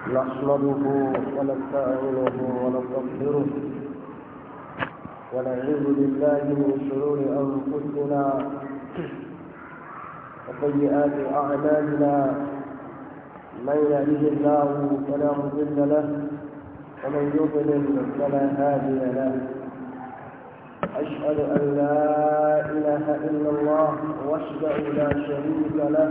نحمده ونستعينه ونستغفره ونعوذ بالله من شرور انفسنا وسيئات اعمالنا من يهده الله فلا مضل له ومن يضلل فلا هادي له اشهد ان لا اله الا الله واشهد لا شريك له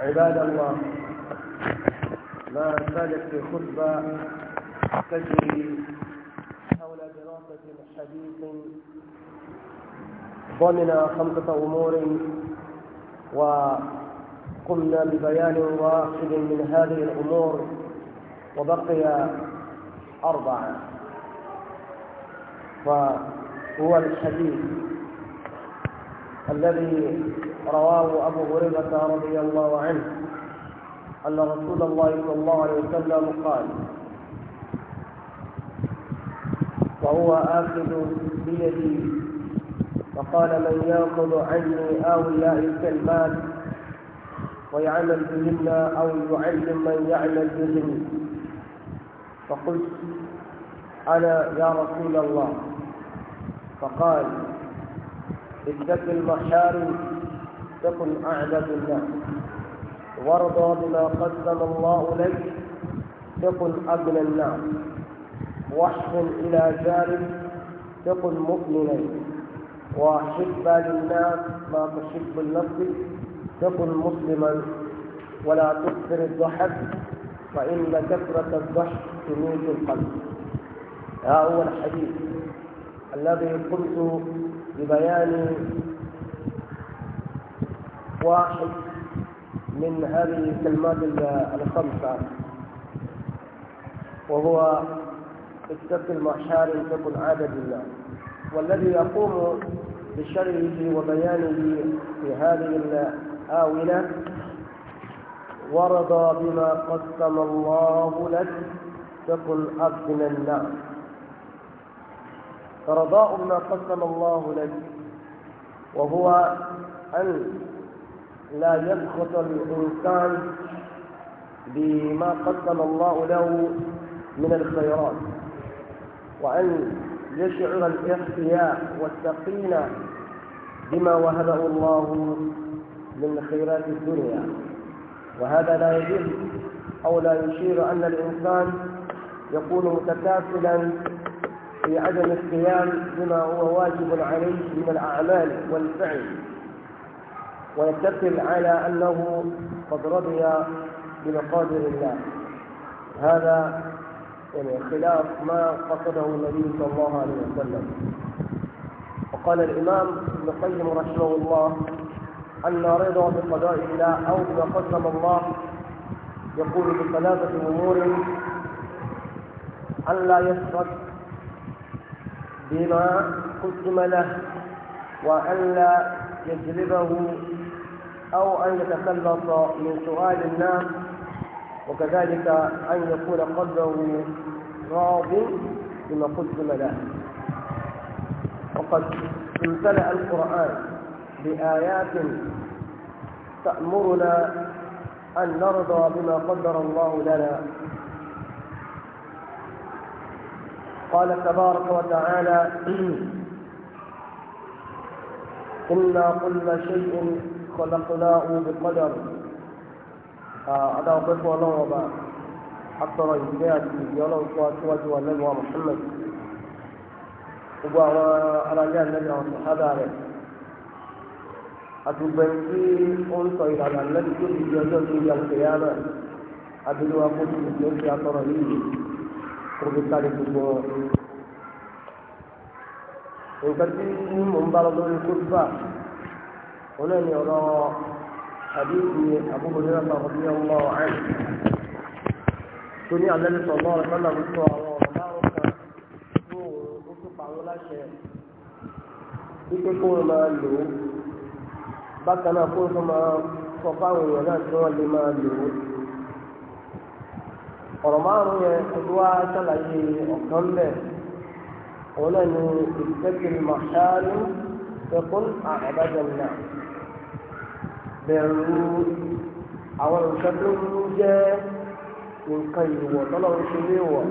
عباد الله ما زالت الخطبة تجري حول دراسة حديث ضمن خمسة أمور وقمنا ببيان واحد من هذه الأمور وبقي أربعة فهو الحديث الذي رواه أبو هريرة رضي الله عنه أن رسول الله صلى الله عليه وسلم قال وهو آخذ بيدي فقال من يأخذ عني أو المال ويعمل بهن أو يعلم من يعمل بهن فقلت أنا يا رسول الله فقال اتق المحارم تكن أعلى الناس وارضى بما قدم الله لك تكن أغنى الناس واحسن إلى جارك تكن مؤمنا وحب للناس ما تحب لنفسك تكن مسلما ولا تكثر الضحك فإن كثرة الضحك تميت القلب هذا هو الحديث الذي قلت ببيان واحد من هذه الكلمات الخمسة وهو اتق المحشار تكن عبد الله والذي يقوم بشرحه وبيانه في هذه الآونة ورضى بما قسم الله لك تكن أبنى النار فرضاء ما قسم الله لك وهو أن لا يسخط الإنسان بما قسم الله له من الخيرات وأن يشعر الاحتياء والسقينة بما وهبه الله من خيرات الدنيا وهذا لا يجب أو لا يشير أن الإنسان يكون متكافلا في عدم القيام بما هو واجب عليه من الأعمال والفعل ويتكل على أنه قد رضي بمقادر الله هذا يعني خلاف ما قصده النبي صلى الله عليه وسلم وقال الإمام ابن القيم رحمه الله أن رضا بقضاء الله أو بما قسم الله يقول بثلاثة أمور أن لا يسرق بما قدم له وألا يجلبه أو أن يتخلص من سؤال الناس وكذلك أن يكون قلبه راض بما قدم له وقد امتلأ القرآن بآيات تأمرنا أن نرضى بما قدر الله لنا قال تبارك وتعالى إنا كل شيء خلقناه بقدر هذا وقف ولو وبا حتى رجلات يولو سواج والنبي محمد وبا رجال النبي والصحابة عليه أتبنتي أنت إلى النبي كل يوم يوم القيامة أدلوا أقول لك يا kókó kárí gbogbo wọn. nǹkan tí mò ń bá lọ lórí kótópà wọn náà ní ọ̀rọ̀ àdéhùn àbúrò nígbà tó ń bí ọmọ ọ̀hán tó ní alẹ́ ní sọ̀rọ̀ ọ̀rọ̀ sọ́nà ló sọ àwọn ọ̀rọ̀ márùn kan tó òun ó tún pa àwọn láṣẹ wípé kó wọn máa lò ó bákan náà kó wọn máa sọ fáwọn èèyàn náà tí wọ́n lè máa lò ó ọ̀rọ̀ márùn-ún yẹn tó wá ṣàlàyé ọ̀kan bẹ̀ òun náà ni ìdíkẹ́kiri màṣáálú fẹ́kún àbájáde bẹ̀rù àwọn nǹkan tó ń jẹ́ nǹkan ìwọ̀ tọ́lọ́ ń ṣe léèwọ̀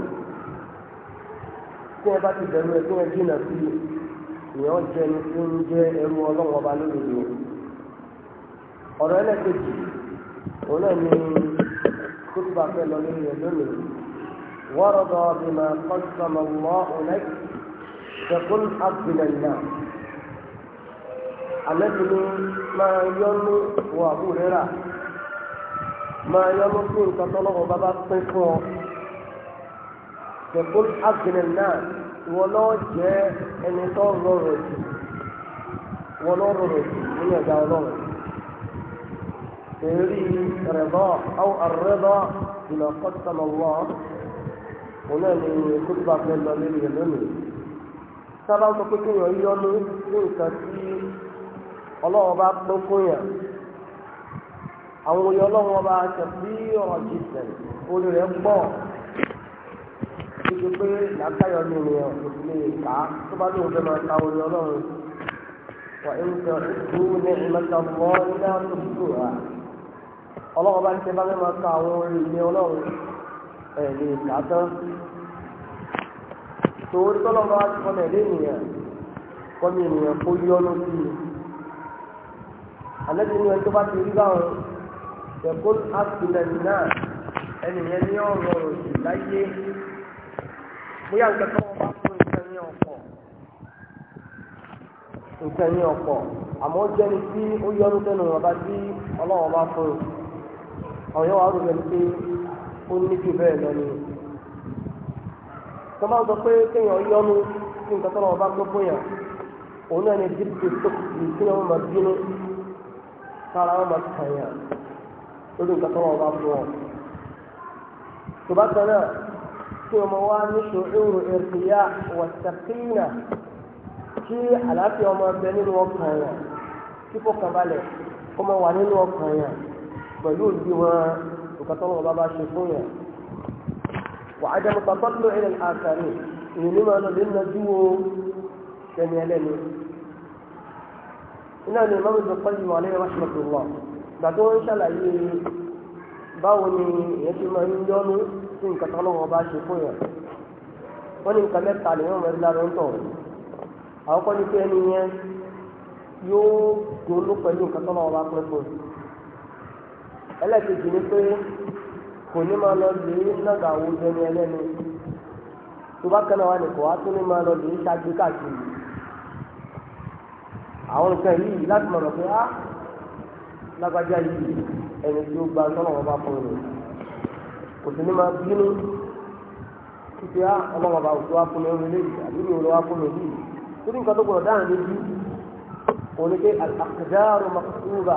kí wọ́n bá ti bẹ̀rù ẹ̀ kí wọ́n jìnnà sí ìyẹn jẹ́ ní tí ń jẹ́ ẹrú ọlọ́run lórí ìlú ọ̀rọ̀ ẹlẹ́gbẹ̀jì òun náà ni bá fẹ́ lọ nínú rẹ̀ lónìí wọ́rọ̀dọ̀ bímọ kọ́sọ̀mọ̀ mọ́ ọ̀lẹ́ ṣẹ̀kún abdulẹ̀lá alẹ́bìnrin máa yọ́nú wọ àbúrẹ́rà máa yọ́nú fún nǹkan tọ́lọ́wọ́ bábá pín fún ọ ṣẹ̀kún abdulẹ̀lá wọn náà jẹ́ ẹni tó rọrùn jù wọn náà rọrùn jù nínú ẹ̀dá ọlọ́run. تري رضا أو الرضا بما قسم الله هنا لكتبة من دليل يمني sábà sọ pé kéèyàn yọnu ní nǹkan tí ọlọ́wọ́ bá pé fún yàn àwọn oyè ọlọ́wọ́ bá ṣe bí ọ̀rọ̀ jìṣẹ̀ orí rẹ̀ pọ̀ títí pé làákàyọ̀ ní ènìyàn kò sì lè kà á tó bá lóun fẹ́ máa ta oyè ọlọ́run wà ń tẹ ìlú ní ìmọ̀ta fún ọ́ ní àtúntò rà ọlọ́run bá ń tẹ́ bá fẹ́ máa ka àwọn orin ilé ọlọ́run ẹ̀ lè kà á tán torí tọ́lọ́run bá ti kọ́lẹ̀ lé ènìyàn kọ́lẹ̀ ènìyàn kó yí ọ́nà sí i àlẹ́ nínú ẹni tó bá ti rí báwọn ẹ̀kọ́ àtìlẹ́yìn náà ẹnìyẹn ní ọ̀rọ̀ òsì láyé bóyá nǹkan tó wọn bá fún nǹkan ní ọ̀pọ̀ nǹkan ní ọ̀pọ̀ àmọ́ jẹ́ni tí ó yọ ọdún tẹnu wọn bá bá fún un àwọn yẹn wà á rò lẹ́nu pé ó ní jù bẹ́ẹ̀ lọ ni tó máa ń sọ pé kéèyàn yọnu sí nǹkan tó lọ́wọ́ bá gbọ́ fún yàn òun náà ní dípò tó kù kí wọ́n máa bínú kára wọn máa kàn yàn lórí nǹkan tó lọ́wọ́ bá fún ọ. tó bá kan kí ọmọ wa ní ṣòro ìrìyà wọ̀sàkínà kí àlàáfíà ọmọ ọbẹ̀ nínú ọkàn yàn kí fọkànbalẹ̀ kó máa wà nínú ọkàn yàn pẹ̀lú òdi wọn nǹkan tó wọn bá bá ṣe fún yẹn wà á jẹ́ mọ́tò tọ́lú ilẹ̀ àkàrí ìyẹn ní máa lọ lé nàjú wo sẹ́ni ẹlẹ́ni iná ni mọ́mí tó pẹ́ yìí wà lẹ́yìn wáṣọ̀tò lọ gbà tó ń ṣàlàyé báwo ni ìyẹn ti máa ń yọnu sí nǹkan bá ṣe fún yẹn wọ́n ní nǹkan mẹ́ta lè wọ́n mẹ́rin lára ń tọ̀ àwọn kọ́ni pé ẹni yẹn yóò gbóló pẹ̀lú nǹkan bá pẹ́ fún yẹn ẹlẹ́kejì ni pé kò ní máa lọ lè nàgà àwùjọ ní ẹlẹ́nu tó bá kẹ́nà wa nìkan wá tó ní máa lọ lè ṣáájú káàkiri àwọn nǹkan yìí láti mọ̀nà pé á lágbájá yìí ẹni tí ó gba sọ́nà wọn bá fún mi kò sí ní máa bínú títí á ọlọ́wọ́n bá òṣùwà fún mi orin léyìí àbí mi ò lọ́wọ́ fún mi yìí torí nǹkan tó gbọdọ̀ dáhùn lójú òun ni pé àkàdáàrò màkúrúbà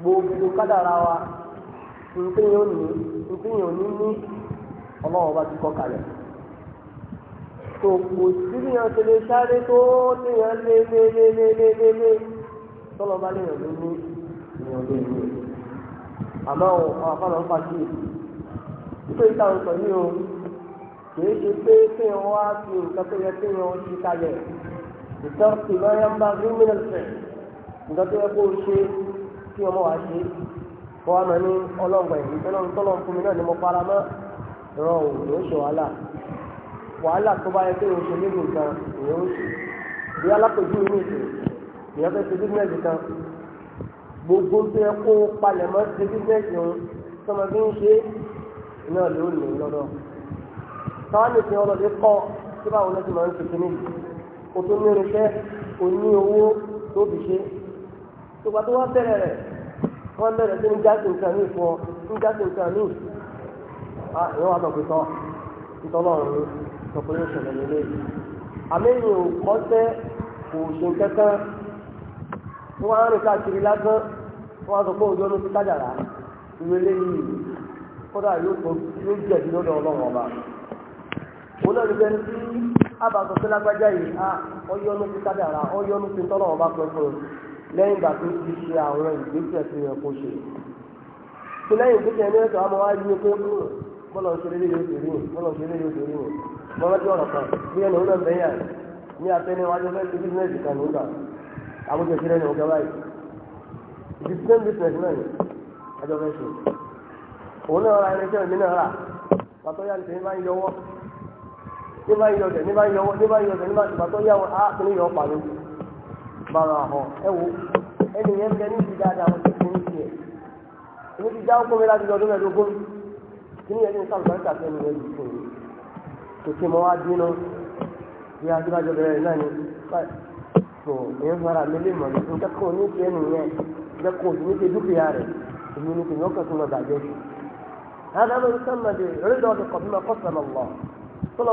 gbogbo kádàrá wa nkúnyìn òní nkúnyìn òní ní ọlọ́wọ́ bá ti kọ́ kalẹ̀ tó kò sí bí yẹn tẹ̀lé sáré tó tẹ̀yàn lé lé lé lé lé lé lé tọ́lọ́ bá léèyàn ló ní èèyàn ló ní àmọ́ àwọn afọ́nà ń fàṣì ìpè ìta ń sọ yìí o kìí ṣe pé kéèyàn wá fi nǹkan tó yẹ kéèyàn ti kalẹ̀ ìtọ́sí lọ́yà ń bá gómìnà fẹ̀ nǹkan tó yẹ kó o ṣe kí ọmọ wa ṣe kọ́ wa máa ní ọlọ́ngbà ìlú tọ́lọ́n tọ́lọ́n fún mi náà ni mo para mọ́ rọ òun ló ṣe wàhálà wàhálà tó bá yẹ pé òun ṣe níbi nǹkan ìyẹn ó ṣe bí alápèjú inú ìṣe ìyẹn fẹ́ ṣe bísíǹnẹ̀sì kan gbogbo tó yẹ kó palẹ̀ mọ́ ṣe bísíǹnẹ̀sì òun tọ́mọ bí ń ṣe náà ló ní lọ́dọ̀ táwọn nìkan ọlọ́dẹ kọ́ tí báwo lọ́sìn máa ń ṣe kíní o tó ní irinṣẹ́ o ní owó tó fi ṣe tó bá tó wá bẹ̀rẹ̀ rẹ̀ wọ́n mẹ́rẹ̀ sí ní jáde nǹkan mí ní jáde nǹkan mí àwọn ah, àbàkùtọ̀ ìtọ́lọ́run tọkùnrin ìṣẹ̀lẹ̀ nílé àmẹ́yìn kò ṣe kẹ́kẹ́ wọ́n rìn káàkiri wọ́n sọ pé òjò ló ti ìwé kódà yóò tó jẹ̀bi lọ́dọ̀ ọlọ́run ọba òun náà ní sí lágbájá yìí ah, ti ti tọ́lọ́run ọba lẹ́yìn ìgbà tó ti ṣe àwọn ìgbésẹ̀ tó yẹ kó ṣe tó lẹ́yìn ìgbésẹ̀ ní ẹ̀sọ́ àmọ́ wá yí pé bọ́lọ̀ hmm, ń ṣe lé lóde òde yìí bọ́lọ̀ ń ṣe lé lóde òde yìí mọ́ lọ́jọ́ ọ̀rọ̀ kan bí ẹni òun náà bẹ́yà ní atẹ́niwájú fẹ́ ṣe bísíǹnẹ́sì kan nígbà àmúṣe sílẹ̀ ọ̀gá báyìí ìdísíǹnẹ́ bísíǹnẹ́sì náà ni ẹjọ́ fẹ́ ṣe òun náà ra irinṣẹ́ mi náà rà pàtó yá nìkan ní bá ń yọwọ́ ní bá ń yọ bára hàn ẹ wo ẹni yẹn bẹ ní ìdíjà a, àwọn tó ń tiẹ̀ èmi ti já ọkọ mi láti ni ẹni sáà lọ́dún tàbí ẹni yẹn yìí fún mi kò sí mọ́ wá dínú náà ni tó fara mi nǹkan kan ní ẹnu yẹn ní dúkìá èmi tó lọ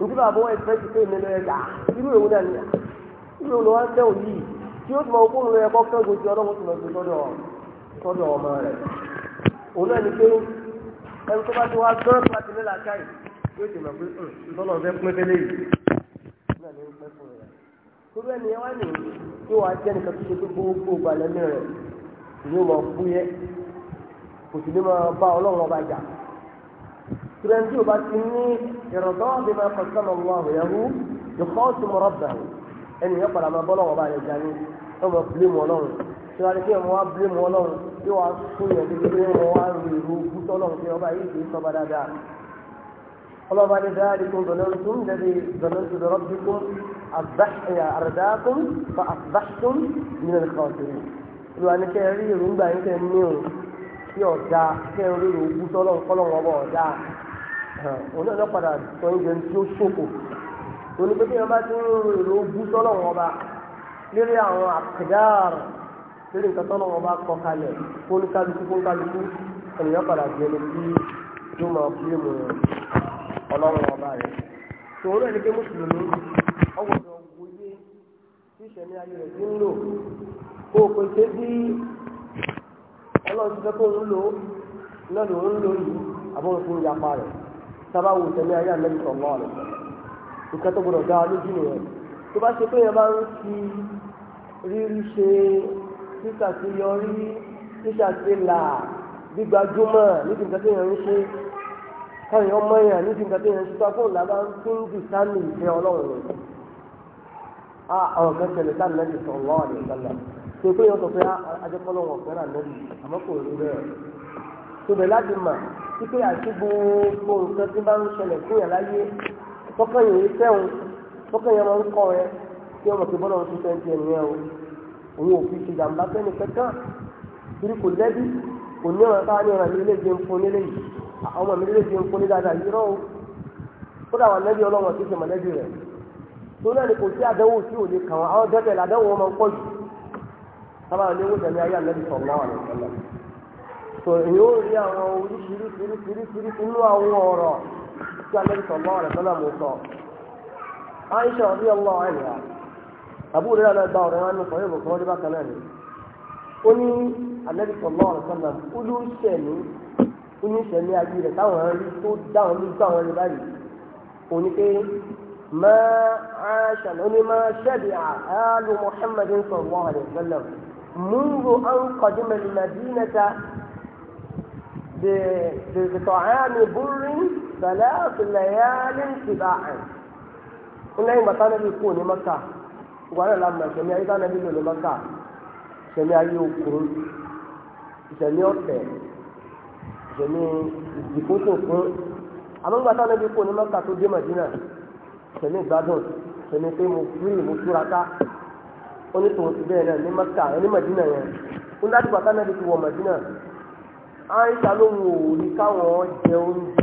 nítí bàbá wọn ẹ̀fẹ́ ti pé mi lọ ẹ̀dá irú èwo náà nìyà irú èwo náà tẹ̀ òyì tí ó ti mọ okó lọ ẹ̀kọ́ fẹ́ gojú ọlọ́wọ́ tó lọ sí tọ́dọ̀ tọ́dọ̀ ọmọ rẹ̀ òun náà ni pé tó bá ti wá gbọ́n tó bá ti nílà káyì yóò ti mọ̀ pé hmm, ntọ́nà ọ̀fẹ́ pín tẹ́lẹ̀ yìí náà ni ó pẹ́ fún rẹ̀ torí ẹni ẹ wá ní yóò tó ṣe gbogbo gbalẹ̀ mi rẹ̀ ni ó mọ̀ fúyẹ́ kò sì ní máa bá ọlọ́run ọba jà tìrẹ̀ntì ò bá ti ní ìrọ̀dọ́ bí máa kọ sọ́nà ọmọ àwọn ìyàwó ìkọ́ tó mọ̀ rọ́bà ẹni yẹn padà máa bọ́lọ̀ ọba àyẹ̀já ni wọ́n mọ̀ bílé mu ọlọ́run tí wàá kí ọmọ wa bílé mu ọlọ́run tí wàá fún yẹn títí pé wọ́n wá rú ìrú gúúsọ́ ọlọ́run tí ọba yìí kì í sọ́ba dáadáa ọlọ́ba ní dáadé kún dọ̀nẹ́ntún lẹ́bi dọ̀nẹ́ntún dọ̀rọ́bì kún àrẹ̀dákún fa àbáṣún nínú ìkàwọ̀sìn òun náà lọ́padà sọ oúnjẹ tí ó ṣòfò òun ni pé kí wọ́n bá ti ń rò bú sọ́nà wọn bá lórí àwọn àkàdáàr lórí nǹkan sọ́nà wọn bá kọ kalẹ̀ kóníkálukú kóníkálukú ènìyàn padà di ẹni tí yóò máa fi mú ọlọ́run ọba rẹ̀ tòun náà ni pé mùsùlùmí ọgbọ̀dọ̀ wòye tí ìṣẹ̀mí ayé rẹ̀ ti ń lò kó o pèsè bí ọlọ́run ti fẹ́ kó ń lò náà lòun ń lò yìí àbọ̀n fún ìyapa rẹ̀ sábà wò sẹ́mi ayé àlẹ́bí sọ̀rọ̀ rẹ̀ nǹkan tó gbọdọ̀ dá wa lójú nìyẹn tó bá ṣe pé yẹn bá ń fi rírí ṣe ṣíṣàṣeyọrí ṣíṣàṣelà gbígbajúmọ̀ níbi nǹkan tó yẹn ń ṣe káyọ̀ ọmọ yẹn níbi nǹkan tó yẹn ń ṣe tó fún làbá ń fi ń dì sánmi ìfẹ́ ọlọ́run rẹ̀ á àwọn kan ṣẹlẹ̀ sáà nàbì sọ̀rọ̀ lọ́wọ́ àdìyẹ sálà pé yẹn tó bẹ̀ láti wípé àti gbogbo nǹkan tí bá ń ṣẹlẹ̀ fún yàrá láyé tọ́kàn yìí o tọ́kàn yẹn máa ń kọ́ ẹ kí ọmọ tó bọ́lá ọ̀hún ṣiṣẹ́ ti ẹ̀yìn o òun ò fi ṣe jàǹbá fẹ́ni kankan torí kò lẹ́bí kò ní ọ̀rọ̀ táwọn mi fún ọmọ o kódà wà lẹ́bí ṣe rẹ̀ tó náà ni kò sí àdánwò tí ò lè kàn wọ́n àwọn wọn máa ń pọ̀ jù sábà ayé tó yóò rí àwọn oríṣiríṣiríṣiríṣi nínú àwọn ọ̀rọ̀ tí Ànábì sallallahu alaihi wasallam sọ. Aisha radiyallahu anha Abu Hurairah náà gba ọ̀rọ̀ wọn ní sọ̀rọ̀ ìbùkún wọn dé bákan náà ni. Ó ní Ànábì sallallahu alaihi wasallam ó ló ń ṣẹ̀mí ó ní ṣẹ̀mí ayé rẹ̀ táwọn rí tó dáhùn ní gbàwọn rí báyìí. Òun ni pé ما عاش ما شبع آل محمد صلى الله عليه وسلم منذ أن قدم المدينة بطعام بر ثلاث ليال سباعا lẹ́yìn bàtà nàbí kú ní maka bi maka fún n'a bi maka tó dé Madina pé mo mo túra ká ti bẹ́ẹ̀ náà maka Madina yẹn wọ Madina àìsà lóhun òòrí káwọn jẹ oúnjẹ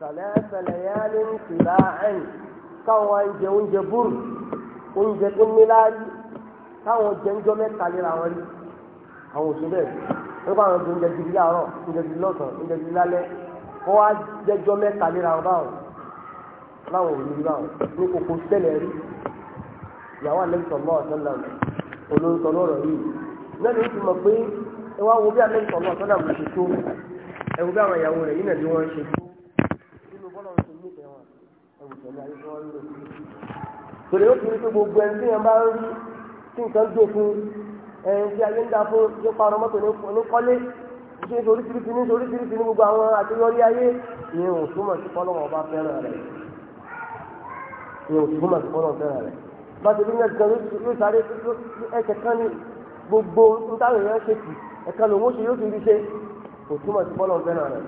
sàlẹ́sẹ̀lẹ̀ yá ní ìlà ẹ̀yìn káwọn jẹ oúnjẹ búrú oúnjẹ tó níláàrí káwọn jẹ ń jọ mẹ́ta léra wọn rí àwọn òṣèlú ẹ̀ nípa àwọn tó ń jẹ gidi láàárọ̀ ń jẹ lọ́sàn-án ń jẹ gidi lálẹ́ wọ́n wá jẹjọ́ mẹ́ta léra wọn báwọn láwọn òní rí báwọn ní kòkó tẹ́lẹ̀ rí ìyàwó àlẹ́ sọ̀mọ́ ọ̀sán làwọn olóńtọ́ lọ́rọ̀ ẹ wo bí Ànábì sallallahu alaihi wasallam ṣe tó ẹ bí àwọn ìyàwó rẹ̀ yìí nàbí wọ́n ṣe tó nínú bọ́lá ń ṣe nífẹ̀ẹ́ wọn tẹ̀lé ayé tó wọ́n lò. tòlè ó kiri pé gbogbo ẹni tí yẹn bá rí tí nǹkan dò fún ẹni tí ayé ń da fún ní parọ́ mọ́tò ní kọ́lé ṣe oríṣiríṣi ní oríṣiríṣi ní gbogbo àwọn àṣeyọrí ayé ìyẹn ò túmọ̀ sí fọlọ́wọ́ ẹ̀ka lòun ó ṣe yóò fi rí ṣe kò túmọ̀ sí bọ́lọ̀ fẹ́ràn rẹ̀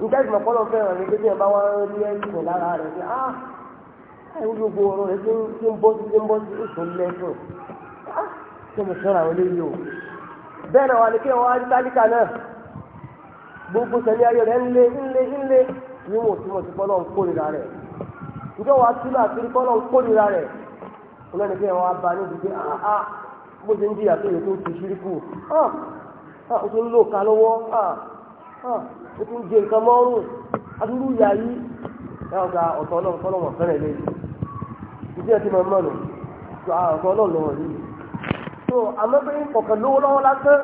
nígbà tí mo bọ́lọ̀ fẹ́ràn rẹ̀ pé bá wọn rí ẹ̀sìn lára rẹ̀ pé ah ẹ̀rú gbogbo ọ̀rọ̀ rẹ̀ ti ń bọ́ sí ti ń bọ́ sí oṣù lẹ́sùn ah ṣé mo fẹ́ràn àwọn eléyìí o bẹ́ẹ̀ náà wà ní kí wọ́n á rí tálíkà náà gbogbo sẹ́ni ayọ̀ rẹ̀ ńlé ńlé ńlé ni wọn ò túmọ̀ sí bọ́lọ̀ ń kórìíra rẹ̀ ìjọ wa túlọ̀ àti bọ́lọ̀ ń kórìíra rẹ̀ ọlọ́ni pé wọ́n á ba níbi pé ah ah bó ṣe ń jìyà tó yẹ tó ti ṣírí kù ah Ah, ó ti ń lò ká lọ́wọ́ ah, ah, ó ti jẹ nǹkan mọ́rùn adúrú ìyá yìí ẹ̀rọ gba ọ̀tọ̀ ọlọ́run kọ́ lọ́wọ́ fẹ́rẹ̀ lé ìdí ẹ̀ ti mọ̀ mọ́nu ọ̀tọ̀ ọlọ́run yìí tó àmọ́ pé kọ̀ọ̀kan lówó lọ́wọ́ lásán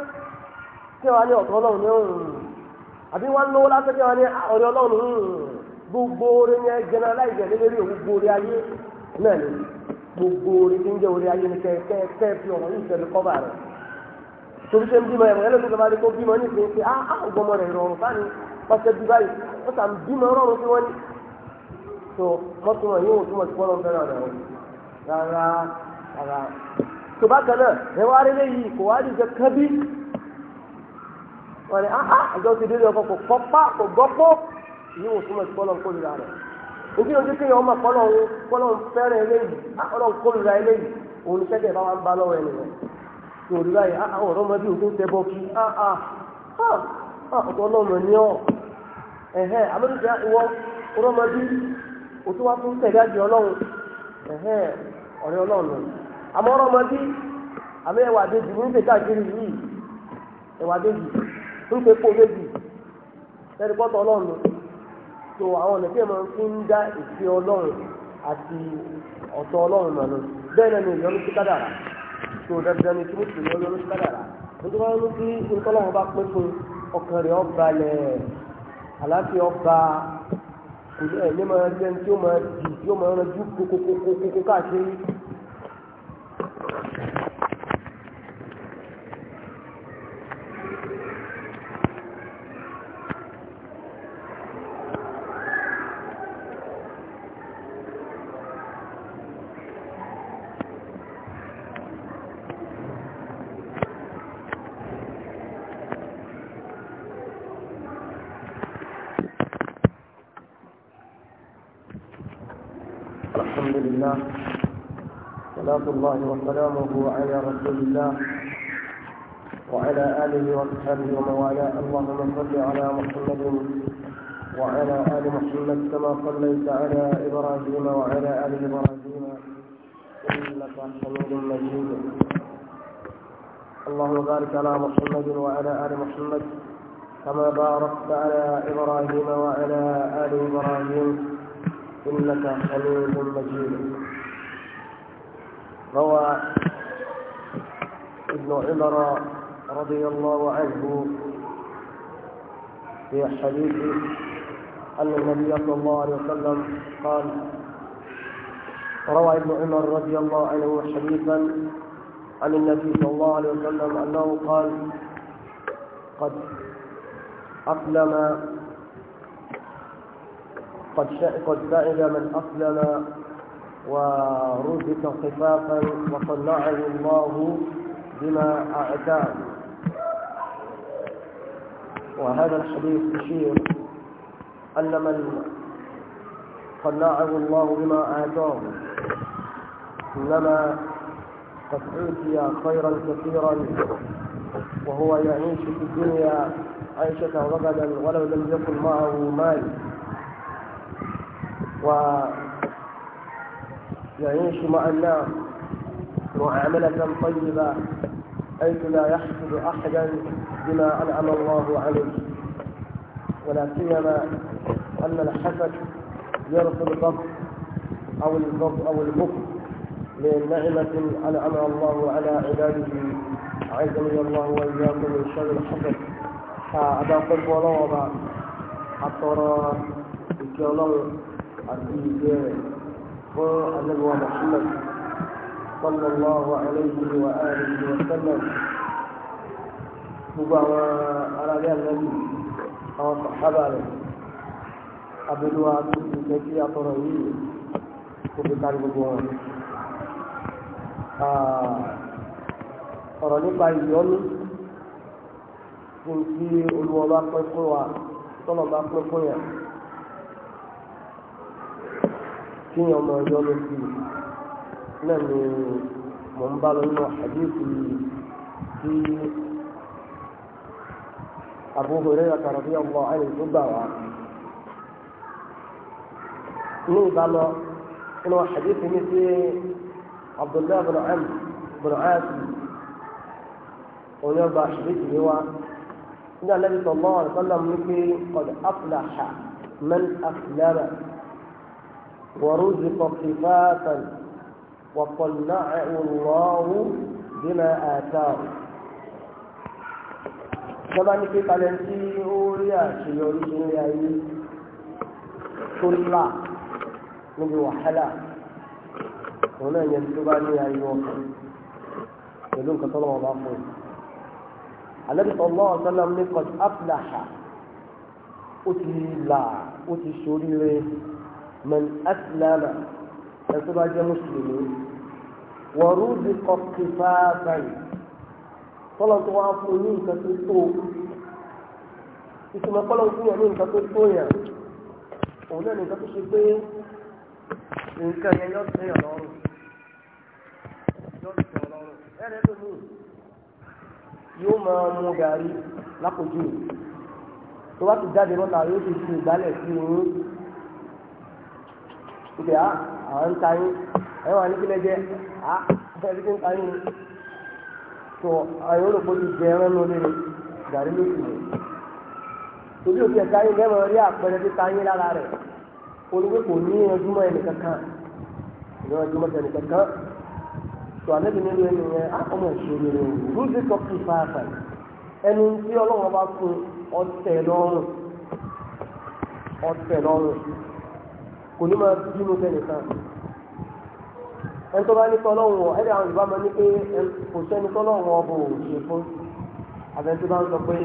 kí wọ́n á ní ọ̀tọ̀ ọlọ́run ní òun àbí wọ́n lówó lásán kí wọ́n á ní ọ̀rẹ́ ọlọ́run ní gbogbo torí pé bímọ ẹ̀rọ ẹlẹ́dùn kan bá rí kó bímọ ní ìpín pé áá ah, ah, ọgbọmọ rẹ̀ rọrùn báni pàṣẹ bí báyìí wọ́n sàn bímọ rọrùn sí wọ́n ní. tó mọ́tò wọn yóò túmọ̀ sí fọ́lọ́ fẹ́ràn rẹ̀ rárá rárá. tó bá kan náà ẹ wá rí léyìí kò wá rí jẹ kábí. wọ́n ní áá ah, àjọ ti délé ọkọ̀ kò kọ́pá kò gbọ́pọ́ yóò túmọ̀ sí fọ́lọ́ kólira ni. òbí ojú kí ọmọ fọ́lọ́ fẹ́ràn eléyìí tó rí ah, ah, ọ̀rọ̀ ọmọ bí òkun tẹ́bọ̀ kí ah, ọ̀tọ̀ ọlọ́mọ ní ọ̀ ẹ̀hẹ́ amẹ́ríkà ìwọ ọ̀rọ̀ ọmọ bí òtún wá fún tẹ̀gájì ọlọ́run ẹ̀hẹ́ ọ̀rẹ́ ọlọ́run àmọ́ ọ̀rọ̀ ọmọ bí àmì ẹwà déjì ní ṣe káàkiri yìí ń kó ọlọ́run tó àwọn ọ̀nà ẹ̀ tó dandan ni kí mùsùlùmí ó lórí kádàrá nítorí wọn ní kí ntọ́lọ́wọ́n bá pín fún ọkàn rẹ̀ ọba lẹ̀ àlàáfíà ọba kò ní ẹ̀ ní máa tí ó máa dì tí ó máa ranjú kókókókókó káàkiri. الله صلاة الله وسلامه على رسول الله وعلى آله وصحبه ومن والاه اللهم صل على محمد وعلى آل محمد كما صليت على إبراهيم وعلى آل إبراهيم إنك حميد مجيد اللهم بارك على محمد وعلى آل محمد كما باركت على إبراهيم وعلى آل إبراهيم إنك حليم مجيد روى ابن عمر رضي الله عنه في حديث أن النبي صلى الله عليه وسلم قال روى ابن عمر رضي الله عنه حديثا عن النبي صلى الله عليه وسلم أنه قال قد أقلم قد قد سعد من أسلم ورزق خفافا وصنعه الله بما اعتاد وهذا الحديث يشير أن من صنعه الله بما اعتاد إنما قد أوتي خيرا كثيرا وهو يعيش في الدنيا عيشة رغدا ولو لم يكن معه مال ويعيش مع الناس معاملة طيبة حيث لا يحسد أحدا بما أنعم الله عليه ولا سيما أن الحسد يرث الضبط أو الضبط أو البخل لنعمة أنعمها الله على عباده عزني الله وإياكم من شر الحسد فأدا قلب ولوضع حتى رأى àti ìgbẹ́ rẹ̀ fún anábíwá Muhammad sallallahu alayhi wa alihi wa sallam gbogbo àwọn aráàlú àlẹ́bí àwọn sàhábà rẹ̀ abẹ́lúwa tó ti jẹ́ kí atọ́rọ̀ yìí kò fi kárí gbogbo wọn. ọ̀rọ̀ nípa ìyọ́nú fún tí olúwọ́ bá pẹ́ fún wa tọ́lọ̀ bá pẹ́ fún yẹn. kí ni ọmọ ọjọ́ ló fi náà ni mò ń bá lọ nínú àdéhùn tí Abu Hurairah radiyallahu anhu tó gbà wá ní ìbámu nínú àdéhùn ní sí Abdullahi bin Amr bin ọba àdéhùn ni wá ní alẹ́ bí sọ̀rọ̀ mọ́ mú pé qad aflaha man aslama. ورزق خفافا وقنعه الله بما آتاه tọ́ba ní pé kalẹ̀ tí ó rí àṣeyọrí tó rí ayé tó là níbi wàhálà òun náà yẹn tó bá ní ayé ọkàn pẹ̀lú nǹkan tó lọ́wọ́ fún un. àlẹ́bí sọ̀lọ́ ọ̀sánlá ní kọ́sí áfìlàṣà ó ti là ó ti ṣoríire من أسلم أنتبه مسلمين ورزق قفافا tọ́lọ́n tó wá fún ní nǹkan tó tó ìtumọ̀ kọ́lọ́n fún yàn ní nǹkan tó tó yàn òun náà nǹkan tó ṣe pé nǹkan yẹn yọ sí ọlọ́run ẹ̀rẹ́ tó ní yóò máa mú gàrí lápòjú tó bá ti jáde lọ́ta yóò ti fi ìgbálẹ̀ sí òun ibi à ah, àwọn ń ta yín ẹ wà ní kílẹ̀ jẹ́ à ah, ẹbí tí ń ta yín tó àwọn olùkọ́ ti jẹ ẹran lórí rẹ̀ gàrí ló sì lè torí òfin ẹ̀ka yín lẹ́wọ̀n rí àpẹẹrẹ títa yín lára rẹ̀ olùkọ́ kò ní ẹjúmọ́ ẹnì kankan ìlú ẹjúmọ́ ẹnì kankan tó àlẹ́bí nínú ẹni yẹn ah, ọmọ ìṣòro rẹ̀ ló dé tọ́kì fáfà ẹni tí ọlọ́wọ́n bá fún ọtẹ lọ́rùn ọtẹ lọ́rùn kò ní máa bínú tẹnìkan ẹni tó bá ní tọ́lọ́wọ̀n ẹ̀rẹ́ àwọn Yorùbá máa ní pé kò sẹ́ni tọ́lọ́wọ̀n ọ̀bọ̀ òṣèlú fún abẹ́ni tó bá ń sọ pé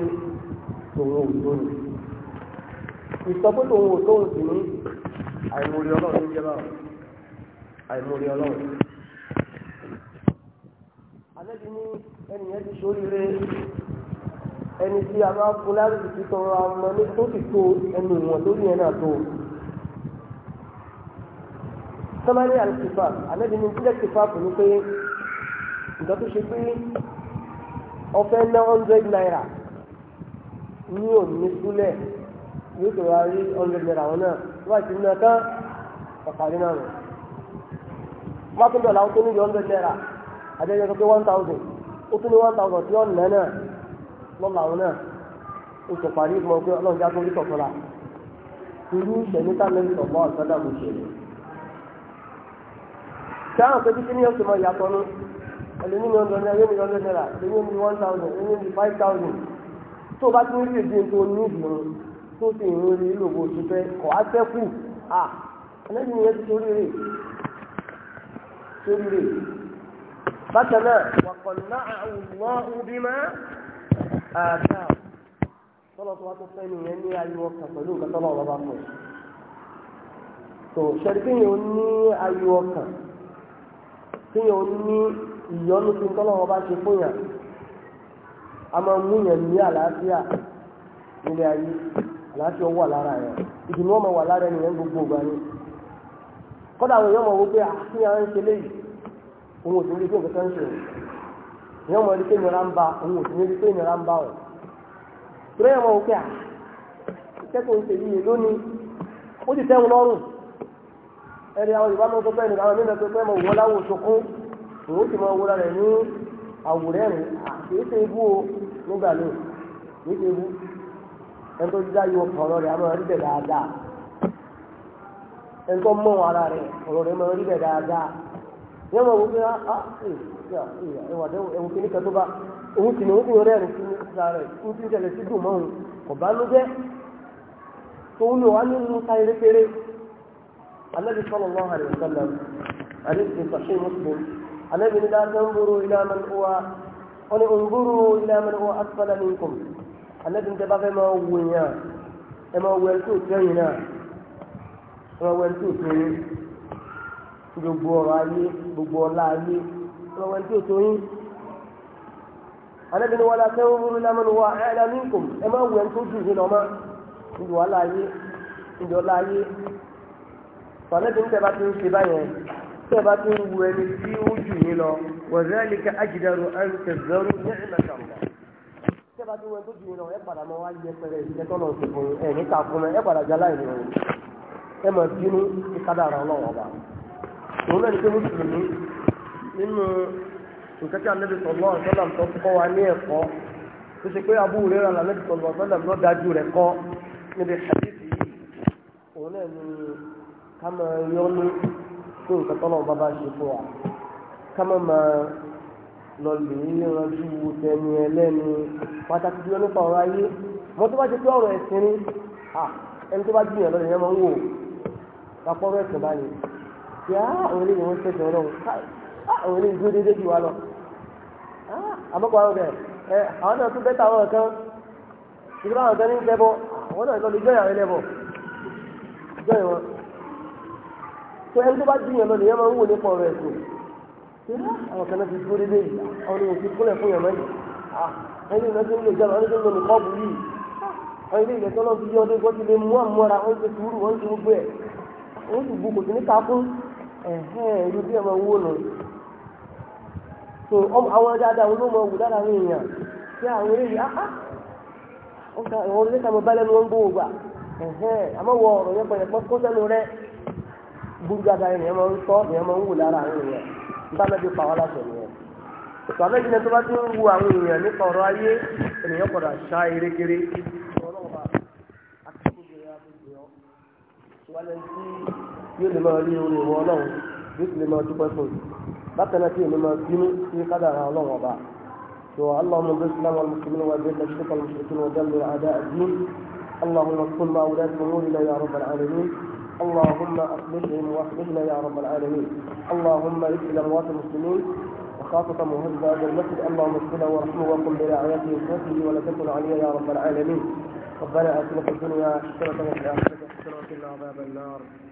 tòun ò tó nù ìsọpé tòun ò tóun sì ní àìmórí ọlọ́run ní jẹ́bà àìmórí ọlọ́run alẹ́bí ní ẹni yẹn ti ṣoríire ẹni tí a máa fún láti fi ọmọ ní tó sì tó ẹnu ìwọ̀n lórí ẹ̀ náà tó o sọmọlẹ alikifa anabi ní sílẹ kifa kò ní pé nǹkan tó ṣe pé ọfẹ ná hundred naira ní òní sílẹ yóò tó wá rí hundred naira wọn náà wọn àti nínú ẹka ọ̀pàdé náà nù wọn tún dọ̀là wọn tó níbi hundred naira àjẹjẹ sọ pé one thousand ó tún ní one thousand tí wọn nà náà lọ́la wọn náà ó sọ parí pé ọlọ́run já tó rí sọ̀tọ̀ la irú ìṣẹ̀lẹ̀ tá a lè sọ̀tọ̀ àgbàdàgbò ṣẹlẹ̀ sáwọn tó kíkí ní oṣù mọ ìyàtọ̀ nu ẹlẹ́ni ní ọ̀dọ̀ náírà ẹlẹ́ni ọ̀dọ̀ náírà ẹlẹ́ni ní one thousand ẹlẹ́ni ní five thousand tó o bá ti ń rí èdè tó ní ìdùnnú tó sì ń rí lòbò oṣù fẹ́ kọ́ á sẹ́kù à ẹlẹ́ni yẹn ti torí rè torí rè bákan náà wàkọ̀nà àwùwọ́ ubi mọ́ àdá tọ́lọ̀ tó wá tó fẹ́ nìyẹn ní ayọ̀ kan pẹ̀lú ọ̀rọ̀ bá pọ̀ tó ṣẹ̀rí kéèyàn ó ní ìyọ́nú tí tọ́lọ́wọ́ bá ṣe fún yàn a máa mú yàn ní àlàáfíà nílé ayé àlàáfíà wà lára yẹn ìdùnnú ọmọ wà lára ẹni yẹn gbogbo ògbà ni kọ́dà àwọn èèyàn mọ̀ wípé àfihàn ah, ń ṣe léyìí òun ò sì ní nǹkan kan ń ṣe èèyàn mọ̀ ní pé ìnira ń ba òun ò sì ní pé ìnira ń ẹni àwọn yorùbá mọ́tò pẹ́ nìkan àwọn mímẹ́tò pẹ́ mọ̀ wọ́n láwọ̀ sọkún òun ti mọ wúra rẹ̀ ní àwòrẹ́rìn kìí ṣe ibú o nígbà míì kìí ṣe ibú ẹni tó dídá yọ ọ̀rọ̀ rẹ̀ àmọ́ rí bẹ̀ dáadáa ẹni tó mọ̀ ara rẹ̀ ọ̀rọ̀ rẹ̀ mọ̀ rí bẹ̀ dáadáa yẹ́n mọ̀ wọ́n fi ẹ̀wọ̀n kìíní kan bá òun sì ni òun fi rẹ́rìn sí ìta rẹ̀ òun ti tẹ̀lé sí dùn mọ́ òun kò bá ló jẹ́ tòun lò wá nínú ta erékeré النبي صلى الله عليه وسلم حديث في صحيح مسلم النبي لا تنظروا إلى من هو قل انظروا إلى من هو أسفل منكم النبي انت بقى ما ويا ما ويلتو تينا ما ويلتو تينا gbogbo ọ̀rọ̀ ayé gbogbo ọlá ayé lọ́wọ́ ẹni tí ó tóyún anabi ni wàlá tẹ́wọ́ burú lámánú wa ẹ̀ẹ́dá minkum ẹ má wù ẹni tó dùn sí lọ́mọ níbi wàhálà ayé níbi ọlá ayé tọ́lẹ́dì ń tẹ́bá tí ń ṣe báyẹn tẹ́bá tí ń wu ẹni tí ó jù yín lọ wọ̀rẹ́ àlíkà àjìdàrú àrùtẹ̀zọ́rù ní ìlàkàmùlà tẹ́bá tí wọ́n tó jù yín lọ ẹ padà mọ́ wá yẹ pẹ̀lẹ́ ìṣẹ́ tọ́lọ̀ ṣe fún ẹ níta fún ẹ padà jálá ìrìn ẹ mọ̀ bínú ní kádàrà ọlọ́wọ́ ọba òun náà tó kọ́ wa ní ẹ̀kọ́ tó ká máa yọnu nǹkan tọ́lọ̀ bá ṣe fún wa ká má máa lọ lè yanjú pàtàkì jùlọ nípa ọ̀rọ̀ ayé mọ́ bá ṣe pé ọ̀rọ̀ ẹ̀sìn ni ẹni tó bá jìyàn lọ́dọ̀ yẹn máa ń wò papọ̀ ọ̀rọ̀ ẹ̀sìn báyìí kí á àwọn eléyìí wọ́n tẹ̀sán ọlọ́run àwọn eléyìí dúró déédéé jù wá lọ. àbọ̀kọ̀ àwọn ọ̀gá ẹ̀ àwọn náà tún bẹ́tà àwọn kan ìdúrà àwọn kan ní ìtẹ́bọ̀ àwọn náà lọ lè jọyìn àwọn ẹlẹ́bọ̀ jọyìn wọn. tó ẹni tó bá jiyàn lọ nìyẹn máa ń wò nípa ọ̀rọ̀ ẹ̀sìn àwọn kan náà ti dúró dédé yìí àwọn ni mo ti kúnlẹ̀ fún yàrá yìí ẹni ìlú ẹsẹ̀ ń lè ń yìí àwọn ilé fi yí ọdún ti lè mú àmúra wọ́n ti sùúrù wọ́n ti gbogbo ẹ̀ wọ́n ti bu kò sí ní ẹ̀hẹ́n ìlú wó àwọn dáadáa wọn ló mọ dáadáa ní tí àwọn búgbàdà ni yẹn máa ń sọ yẹn máa ń wù lára àwọn èèyàn nígbà náà bí pàwọ́ láti ènìyàn ìpà méjì náà tó bá ti ń wu àwọn èèyàn nípa ọ̀rọ̀ ayé ènìyàn padà ṣá erékeré ọlọ́wọ́ akíkúgbèrè abúgbèrè ìwálẹ̀ tí yóò lè máa rí orí ìwọ ọlọ́run yóò sì máa dúpẹ́ fún un bákan náà tí yóò máa bínú sí kádàrà ọlọ́run ọba اللهم أصلحهم وأصلحنا يا رب العالمين اللهم اجعل أموات المسلمين وخاصة مهم هذا المسجد اللهم اسله وارحمه وقم برعايته وكفه ولا تكن علي يا رب العالمين ربنا آتنا في الدنيا حسنة وفي الآخرة حسنة وقنا عذاب النار